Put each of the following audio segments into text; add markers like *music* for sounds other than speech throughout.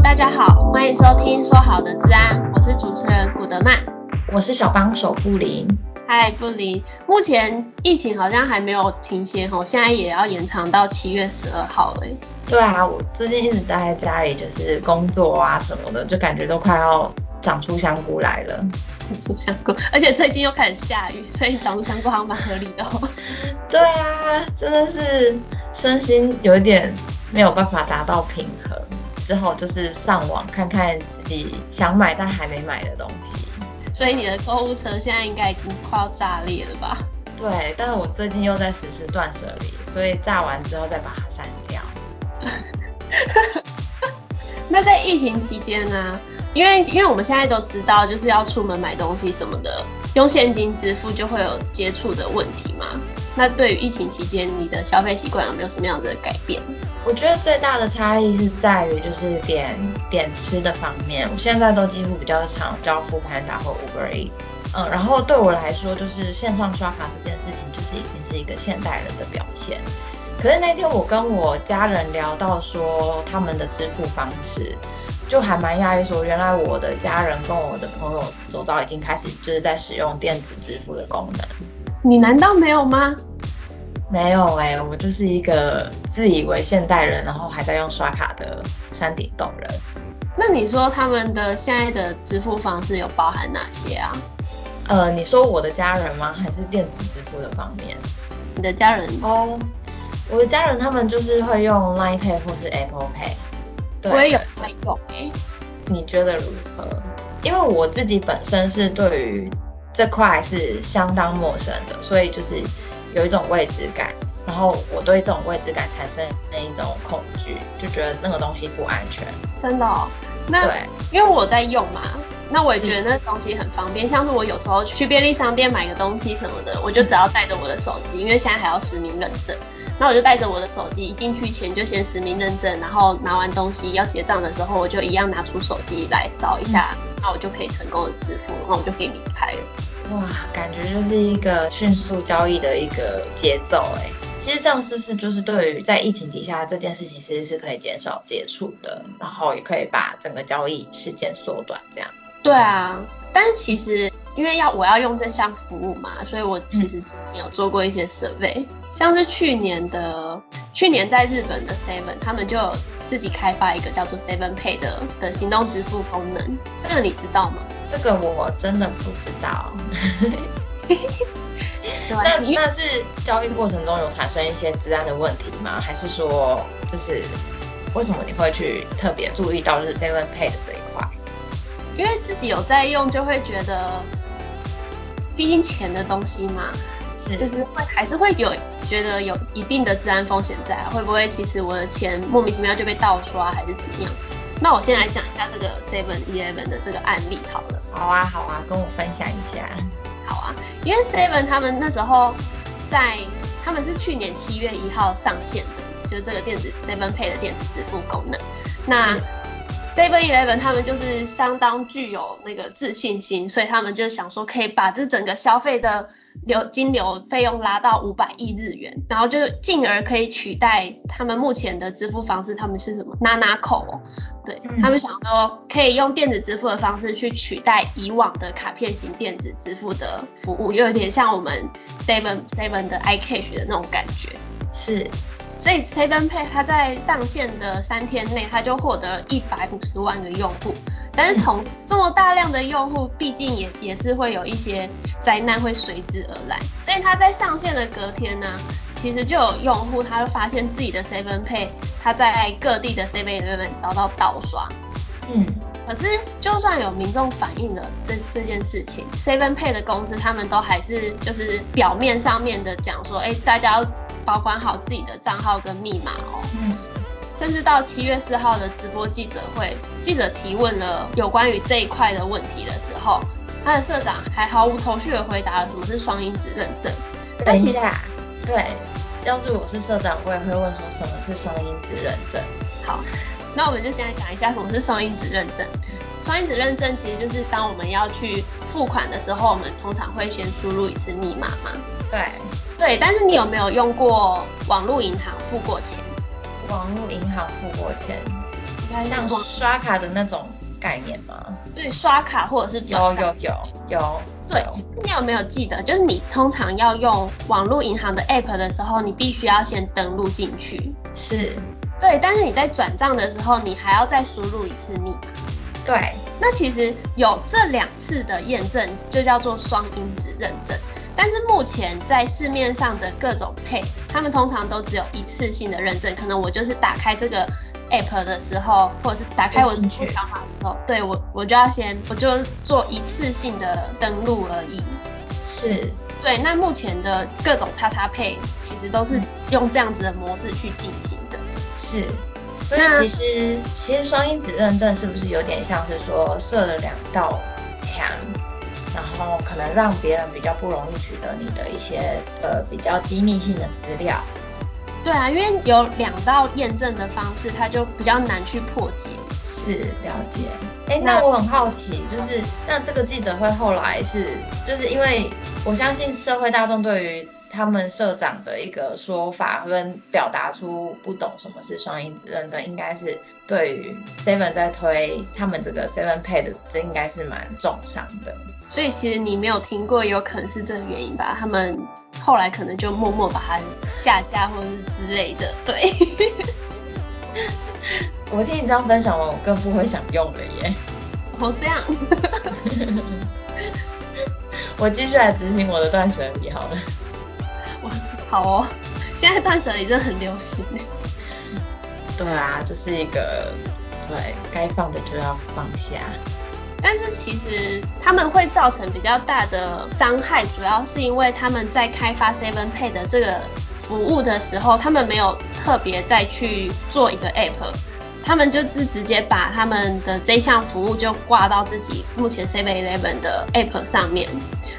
大家好，歡迎收聽《說好的治安》，我是主持人古德曼，我是小幫手布林。嗨，布林。目前疫情好像還沒有停歇哈，現在也要延長到七月十二號嘞。對啊，我最近一直待在家裡，就是工作啊什麼的，就感覺都快要長出香菇來了。長出香菇，而且最近又開始下雨，所以長出香菇好像蠻合理的哦。對啊，真的是身心有一點沒有辦法達到平衡。之後就是上網看看自己想買但還沒買的東西，所以你的購物車現在應該已經快要炸裂了吧？對，但是我最近又在實施斷舍離，所以炸完之後再把它刪掉。 *laughs* 那在疫情期間呢？因為因為我們現在都知道，就是要出門買東西什麼的，用現金支付就會有接觸的問題嘛。那對於疫情期間，你的消費習慣有沒有什麼樣的改變？我覺得最大的差異是在於，就是點點吃的方面，我現在都幾乎比較常叫 foodpanda 或 Uber Eats。嗯，然後對我來說，就是線上刷卡這件事情，就是已經是一個現代人的表現。可是那天我跟我家人聊到說，他們的支付方式就還蠻訝異，說原來我的家人跟我的朋友，走到已經開始就是在使用電子支付的功能。你難道沒有嗎？沒有欸，我就是一個自以為現代人，然後還在用刷卡的山頂洞人。那你說他們的現在的支付方式有包含哪些啊？呃，你說我的家人嗎？還是電子支付的方面？你的家人？哦，我的家人他們就是會用 Line Pay 或是 Apple Pay。對，我也有在用欸。你覺得如何？因為我自己本身是對於，這塊還是相當陌生的，所以就是有一種未知感，然後我對這種未知感產生那一種恐懼，就覺得那個東西不安全。真的、哦？那對因為我在用嘛，那我也覺得那東西很方便，是像是我有時候去便利商店買個東西什麼的，我就只要帶着我的手機，嗯、因為現在還要實名認證，那我就帶着我的手機，一進去前就先實名認證，然後拿完東西要結賬的時候，我就一樣拿出手機來掃一下。嗯那我就可以成功的支付，然後我就可以離開了。哇，感覺就是一個迅速交易的一個節奏哎。其實這樣是不是就是對於在疫情底下這件事情，其實是可以減少接觸的，然後也可以把整個交易時間縮短這樣。對啊，但是其實因為要我要用這項服務嘛，所以我其實之前有做過一些 survey。嗯像是去年的，去年在日本的 Seven，他們就自己開發一個叫做 Seven Pay 的的行動支付功能，嗯、這個你知道嗎？這個我真的不知道。那 *laughs* *laughs* 對那，你那是交易過程中有產生一些資安的問題嗎？還是說，就是為什麼你會去特別注意到就是 Seven Pay 的這一塊？因為自己有在用，就會覺得，畢竟錢的東西嘛，是就是會還是會有。覺得有一定的資安風險在啊，會不會其實我的錢莫名其妙就被盜刷，還是怎麼樣？那我先來講一下這個 Seven Eleven 的這個案例好了。好啊，好啊，跟我分享一下。好啊，因為 Seven 他們那時候在，對他們是去年七月一號上線的，就是這個電子 Seven Pay 的電子支付功能。那 Seven Eleven 他們就是相當具有那個自信心，所以他們就想說可以把這整個消費的流金流費用拉到五百億日元，然後就進而可以取代他們目前的支付方式。他們是什麼？Nanaco。對、嗯、他們想說可以用電子支付的方式去取代以往的卡片型電子支付的服務，有點像我們 Seven Seven 的 iCash 的那種感覺。是。所以 7pay 它在上線的三天內，它就獲得一百五十萬的用戶。但是同時這麼大量的用戶，畢竟也也是會有一些災難會隨之而來。所以它在上線的隔天呢，其實就有用戶，他就發現自己的 7pay 他在各地的 7pay 頁面遭到盜刷。嗯。可是就算有民眾反映了這這件事情 7pay 的公司他們都還是就是表面上面的講說，哎，大家。保管好自己的賬號跟密碼哦。嗯。甚至到七月四號的直播記者會，記者提問了有關於這一塊的問題的時候，他的社長還毫無頭緒的回答了什麼是雙因子認證。等一下。對。要是我是社長，我也會問說什麼是雙因子認證。好，那我們就先來講一下什麼是雙因子認證。雙因子認證其實就是當我們要去付款的時候，我們通常會先輸入一次密碼嘛。對，對，但是你有沒有用過網絡銀行付過錢？網絡銀行付過錢，你看像刷卡的那種概念嗎？對，刷卡或者是轉賬。有有有有。有對，你有沒有記得，就是你通常要用網絡銀行的 app 的時候，你必須要先登錄進去。是。對，但是你在轉賬的時候，你還要再輸入一次密碼。對，那其實有這兩次的驗證，就叫做雙因子認證。但是目前在市面上的各種配，他們通常都只有一次性的認證，可能我就是打開這個 app 的時候，或者是打開我的付款碼的時候，對，我我就要先我就做一次性的登錄而已。是，對。那目前的各種叉叉配，其實都是用這樣子的模式去進行的。是。所以其實那其實雙因子認證是不是有點像是說設了兩道牆？然後可能讓別人比較不容易取得你的一些呃比較機密性的資料。對啊，因為有兩道驗證的方式，它就比較難去破解。是，了解。哎那，那我很好奇，就是好那這個記者會後來是，就是因為我相信社會大眾對於他們社長的一個說法跟表達出不懂什麼是雙因子認證，應該是對於 Seven 在推他們這個 Seven Pay 的，這應該是蠻重傷的。所以其實你沒有聽過，也有可能是這個原因吧？他們後來可能就默默把它下架或者是之類的。對，我聽你這樣分享完，我更不會想用了耶。我、哦、這樣， *laughs* 我繼續來執行我的斷舍離好了。哇，好哦，現在斷舍離真的很流行。對啊，這是一個對該放的就要放下。但是其實他們會造成比較大的傷害，主要是因為他們在開發 Seven Pay 的這個服務的時候，他們沒有特別再去做一個 App，他們就是直接把他們的這項服務就掛到自己目前 Seven Eleven 的 App 上面。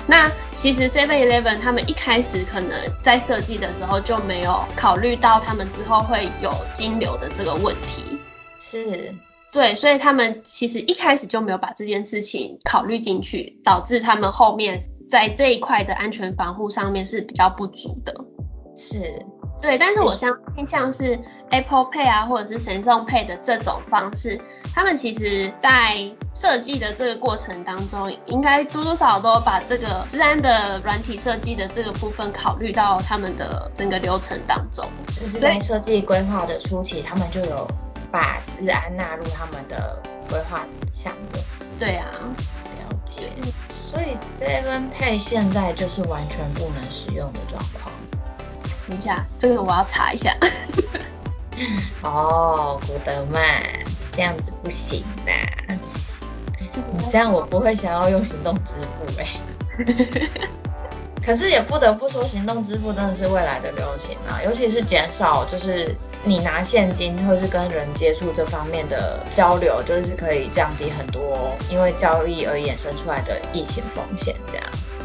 那其實 Seven Eleven 他們一開始可能在設計的時候就沒有考慮到他們之後會有金流的這個問題。是。對，所以他們其實一開始就沒有把這件事情考慮進去，導致他們後面在這一塊的安全防護上面是比較不足的。是，對。但是我相信，像是 Apple Pay 啊，或者是 Samsung Pay 的這種方式，他們其實，在設計的這個過程當中，應該多多少少都把這個資安的軟體設計的這個部分，考慮到他們的整個流程當中，就是在設計規劃的初期，他們就有。把資安納入他們的規劃項目。對啊，了解。所以 Seven Pay 現在就是完全不能使用的狀況。等一下，這個我要查一下。 *laughs* 哦，古德曼，這樣子不行，啊、 *laughs* 你這樣我不會想要用行動支付，欸、 *laughs* 可是也不得不說，行動支付真的是未來的流行啊，尤其是減少就是。你拿現金或是跟人接觸這方面的交流，就是可以降低很多因為交易而衍生出來的疫情風險。這樣，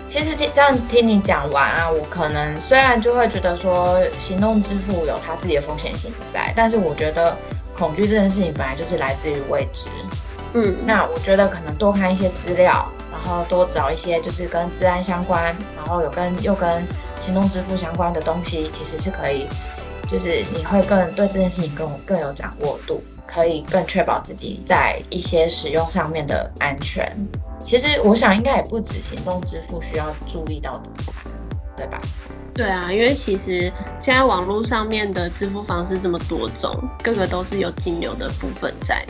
其實聽這樣聽你講完啊，我可能雖然就會覺得說，行動支付有它自己的風險性在，但是我覺得恐懼這件事情本來就是來自於未知。嗯，那我覺得可能多看一些資料，然後多找一些就是跟資安相關，然後有跟又跟行動支付相關的東西，其實是可以。就是你會更對這件事情更更有掌握度，可以更確保自己在一些使用上面的安全。其實我想應該也不止行動支付需要注意到，對吧？對啊，因為其實現在網絡上面的支付方式這麼多種，各個都是有金流的部分在。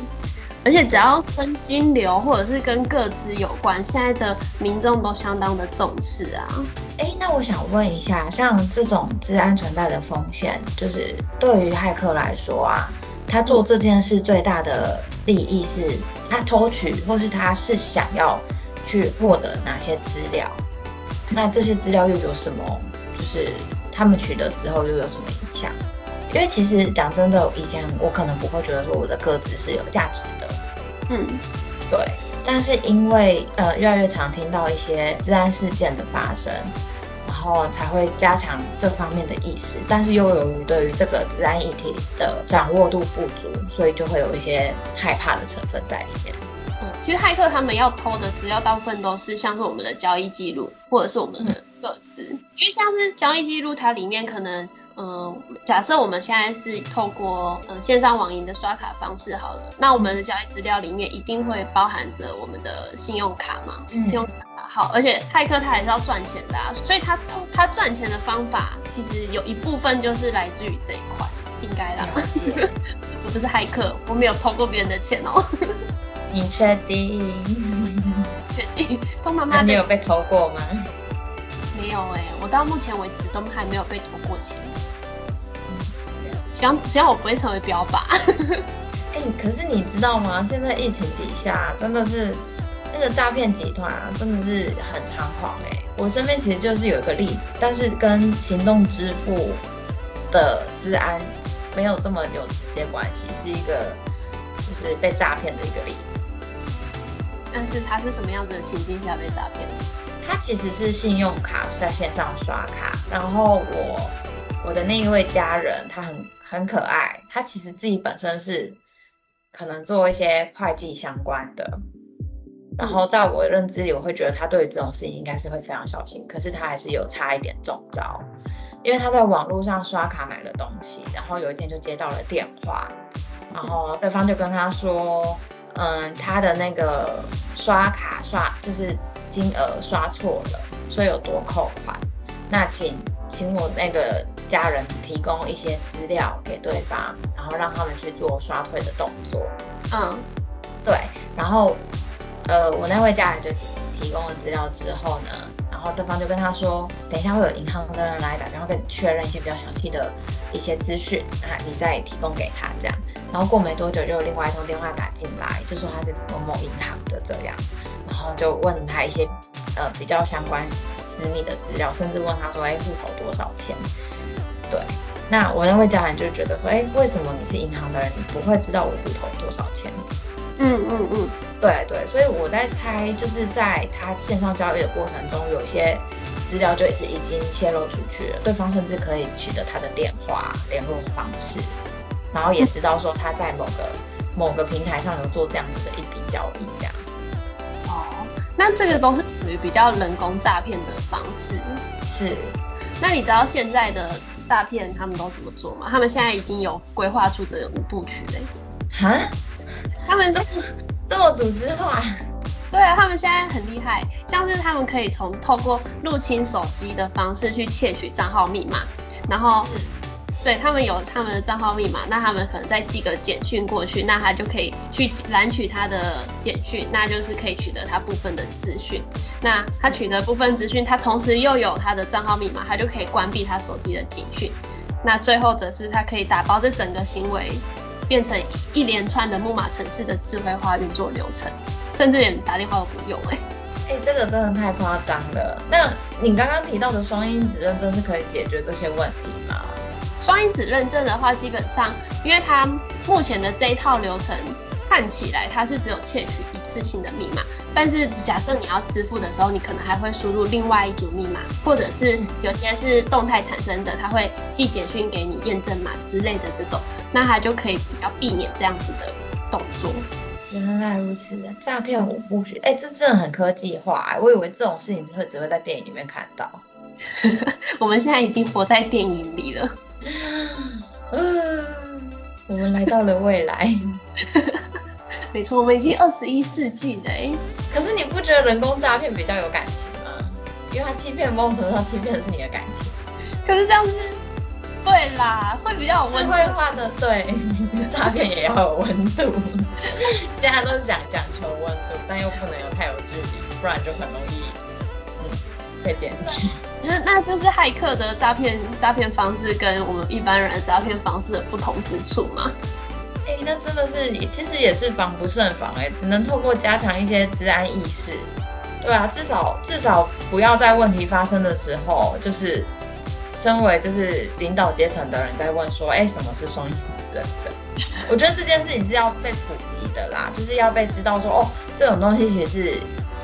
而且只要跟金流或者是跟個資有關，現在的民眾都相當的重視啊。哎、欸，那我想問一下，像這種資安存在的風險，就是對於駭客來說啊，他做這件事最大的利益是，他偷取或是他是想要去獲得哪些資料？那這些資料又有什麼？就是他們取得之後又有什麼影響？因為其實講真的有意見，以前我可能不會覺得說我的個資是有價值的，嗯，對。但是因為呃越來越常聽到一些資安事件的發生，然後才會加強這方面的意識。但是又由於對於這個資安議題的掌握度不足，所以就會有一些害怕的成分在裡面。嗯，其實駭客他們要偷的，資料大部分都是像是我們的交易記錄或者是我們的個資，嗯、因為像是交易記錄它裡面可能。嗯，假設我們現在是透過嗯線上網銀的刷卡方式好了，那我們的交易資料裡面一定會包含着我們的信用卡嘛，嗯、信用卡號，而且駭客他還是要賺錢的啊，所以他偷他賺錢的方法其實有一部分就是來自於這一塊，應該啦， *laughs* 我不是駭客，我沒有偷過別人的錢哦、喔。 *laughs* 你確定？確定，通媽媽，你有被偷過嗎？沒有哎、欸，我到目前為止都還沒有被偷過錢。想，只要我不會成為標靶。哎、 *laughs* 欸，可是你知道嗎？現在疫情底下，真的是那個詐騙集團、啊、真的是很猖狂哎、欸。我身邊其實就是有一個例子，但是跟行動支付的資安沒有這麼有直接關係，是一個就是被詐騙的一個例子。但是他是什麼樣子的情境下被詐騙？他其實是信用卡是在線上刷卡，然後我我的那一位家人他很。很可愛，他其實自己本身是可能做一些會計相關的，然後在我認知裡，我會覺得他對於這種事情應該是會非常小心，可是他還是有差一點中招，因為他在網絡上刷卡買了東西，然後有一天就接到了電話，然後對方就跟他說，嗯，他的那個刷卡刷就是金額刷錯了，所以有多扣款，那請請我那個。家人提供一些資料給對方，然後讓他們去做刷退的動作。嗯，對。然後，呃，我那位家人就提供了資料之後呢，然後對方就跟他說，等一下會有銀行的人來打電話，跟你確認一些比較詳細的一些資訊啊，你再提供給他這樣。然後過沒多久就有另外一通電話打進來，就說他是某某銀行的這樣，然後就問他一些呃比較相關私密的資料，甚至問他說，哎，戶口多少錢？對，那我那位家人就覺得說，哎，為什麼你是銀行的人，你不會知道我不同多少錢？嗯嗯嗯，嗯嗯對對，所以我在猜，就是在他線上交易的過程中，有一些資料就也是已經洩露出去了，對方甚至可以取得他的電話聯絡方式，然後也知道說他在某個、嗯、某個平台上有做這樣子的一筆交易這樣。哦，那這個都是屬於比較人工詐騙的方式。是，那你知道現在的？詐騙他們都怎麼做嘛？他們現在已經有規劃出這五部曲嘞、欸。哈蛤？他們都 *laughs* 都有組織化。對啊，他們現在很厲害，像是他們可以從透過入侵手機的方式去竊取賬號密碼，然後。對他們有他們的賬號密碼，那他們可能再寄個簡訊過去，那他就可以去攔取他的簡訊，那就是可以取得他部分的資訊。那他取得部分資訊，他同時又有他的賬號密碼，他就可以關閉他手機的簡訊。那最後則是他可以打包這整個行為，變成一連串的木馬城市的智慧化運作流程，甚至連打電話都不用、欸。哎、欸，這個真的太誇張了。那你剛剛提到的雙因子認證是可以解決這些問題嗎？雙因子認證的話，基本上，因為它目前的這一套流程看起來，它是只有竊取一次性的密碼。但是，假設你要支付的時候，你可能還會輸入另外一組密碼，或者是有些是動態產生的，它會寄簡訊給你驗證碼之類的這種，那它就可以比較避免這樣子的動作。原來如此、啊，詐騙我不覺，哎、欸，這真的很科技化、啊，我以為這種事情只會只會在電影裡面看到，呵呵，我們現在已經活在電影裡了。啊、呃，我們來到了未來， *laughs* 沒錯，我們已經二十一世紀了、欸。可是你不覺得人工詐騙比較有感情嗎？因為他欺騙夢辰，他欺騙的是你的感情。可是這樣子，對啦，會比較有溫度。會化的對，詐騙也要有溫度。 *laughs* *laughs* 現在都是講講求溫度，但又不能有太有距離，不然就很容易被剪、嗯那那就是駭客的詐騙詐騙方式跟我們一般人的詐騙方式的不同之處嗎？哎、欸，那真的是，其實也是防不勝防哎、欸，只能透過加強一些資安意識。對啊，至少至少不要在問題發生的時候，就是身為就是領導階層的人在問說，哎、欸，什麼是雙因子的 *laughs* 我覺得這件事情是要被普及的啦，就是要被知道說，哦，這種東西其實是。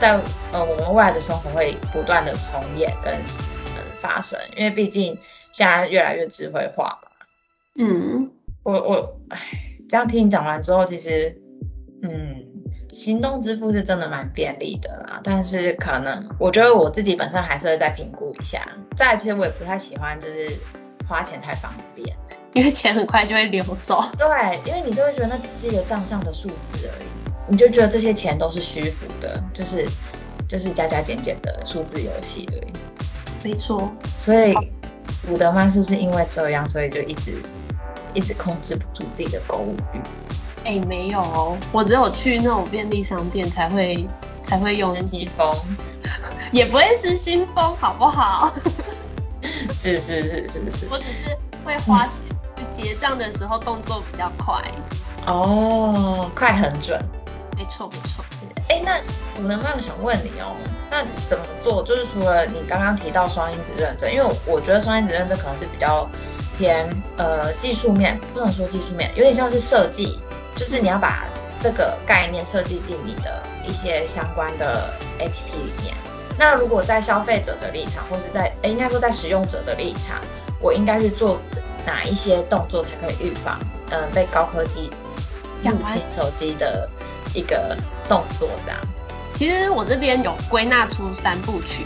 在呃，我們未來的生活會不斷的重演跟，呃、發生，因為畢竟現在越來越智慧化嘛。嗯，我我，哎，這樣聽你講完之後，其實，嗯，行動支付是真的蠻便利的啦，但是可能我覺得我自己本身還是會再評估一下。再來，其實我也不太喜歡就是花錢太方便，因為錢很快就會流走。對，因為你就會覺得那只是一個賬上的數字而已。你就覺得這些錢都是虛浮的，就是就是加加減減的數字遊戲，對。沒錯錯。所以，伍超德曼是不是因為這樣，所以就一直一直控制不住自己的購物慾？沒、欸、沒有哦，我只有去那種便利商店才會才會用失心瘋， *laughs* 也不會是失心瘋，好不好？ *laughs* 是是是是是。我只是會花錢，嗯、就結賬的時候動作比較快。哦，快很準。沒、欸、臭不臭？哎、欸，那我能不能想問你哦，那怎麼做？就是除了你剛剛提到雙因子認證，因為我，我覺得雙因子認證可能是比較偏呃技術面，不能說技術面，有點像是設計，就是你要把這個概念設計進你的一些相關的 APP 裡面。那如果在消費者的立場，或是在、欸、應該說在使用者的立場，我應該是做哪一些動作才可以預防嗯、呃、被高科技入侵手機的？一個動作這樣。其實我這邊有歸納出三部曲，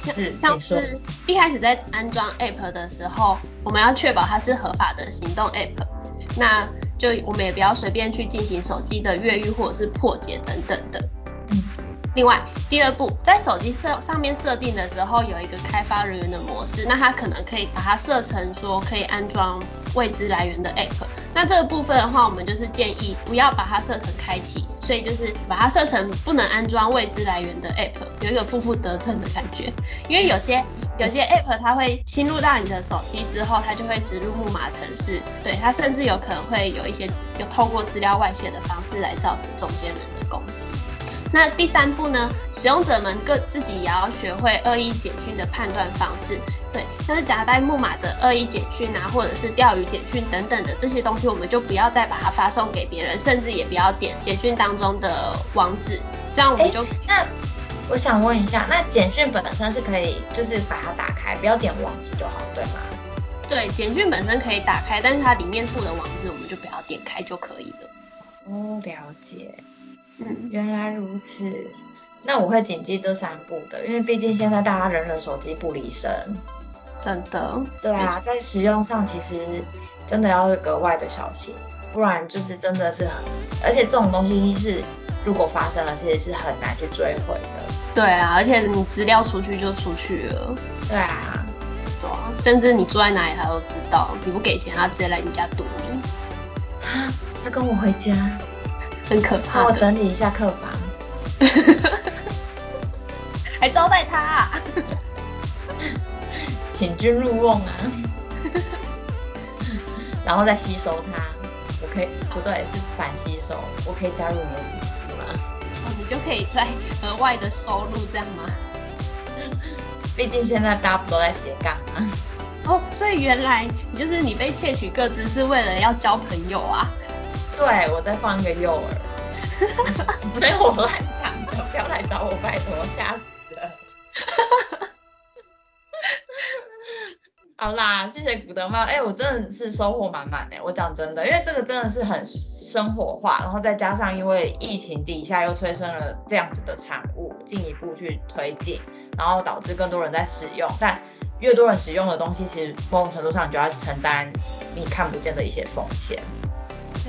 像是，沒錯。像是一開始在安裝 app 的時候，我們要確保它是合法的行動 app，那就我們也不要隨便去進行手機的越獄或者是破解等等的。嗯。另外第二步，在手機設上面設定的時候，有一個開發人員的模式，那它可能可以把它設成說可以安裝未知來源的 app，那這個部分的話，我們就是建議不要把它設成開啟。所以就是把它設成不能安裝未知來源的 App，有一個負負得正的感覺，因為有些有些 App 它會侵入到你的手機之後，它就會植入木馬程式，對它甚至有可能會有一些有透過資料外泄的方式來造成中間人的攻擊。那第三步呢？使用者們各自己也要學會惡意簡訊的判斷方式。對，像是夾帶木馬的惡意簡訊啊，或者是釣魚簡訊等等的這些東西，我們就不要再把它發送給別人，甚至也不要點簡訊當中的網址。這樣我們就、欸、那我想問一下，那簡訊本身是可以就是把它打開，不要點網址就好，對嗎？對，簡訊本身可以打開，但是它裡面附的網址我們就不要點開就可以了。嗯、了解。嗯，原來如此，那我會謹記這三步的，因為畢竟現在大家人人手機不離身，真的，對啊，在使用上其實真的要格外的小心，不然就是真的是很，而且這種東西是如果發生了，其實是很難去追回的。對啊，而且你資料出去就出去了。對啊，對啊，甚至你住在哪裡他都知道，你不給錢他直接來你家堵你。他跟我回家。很可怕，我整理一下客房， *laughs* 還招待他、啊， *laughs* 請君入甕啊， *laughs* 然後再吸收他，我可以不對，是反吸收，我可以加入你的組織嗎，哦，你就可以再額外的收入這樣嗎？嗯、畢竟現在大家不都在斜槓嗎？哦，所以原來你就是你被竊取個資是為了要交朋友啊？對，我再放一個誘餌。 *laughs* *laughs* 沒有我亂講的，不要來找我拜托，我嚇死了。 *laughs* 好啦，謝謝古德貓，哎、欸，我真的是收穫滿滿哎，我講真的，因為這個真的是很生活化，然後再加上因為疫情底下又催生了這樣子的產物，進一步去推進，然後導致更多人在使用，但越多人使用的東西，其實某種程度上你就要承擔你看不見的一些風險。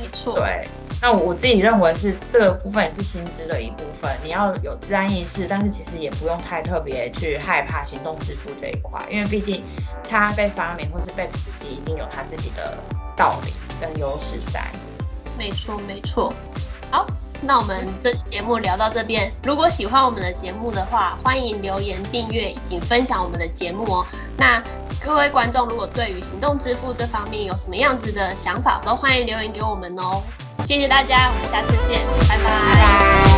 沒錯，對，那我自己認為是這個部分也是薪資的一部分，你要有資安意識，但是其實也不用太特別去害怕行動支付這一塊，因為畢竟他被發明或是被普及，一定有他自己的道理跟優勢在。沒錯，沒錯。好。那我們這節目聊到這邊，如果喜歡我們的節目的話，歡迎留言、訂閱以及分享我們的節目哦。那各位觀眾，如果對於行動支付這方面有什麼樣子的想法，都歡迎留言給我們哦。謝謝大家，我們下次見，拜拜。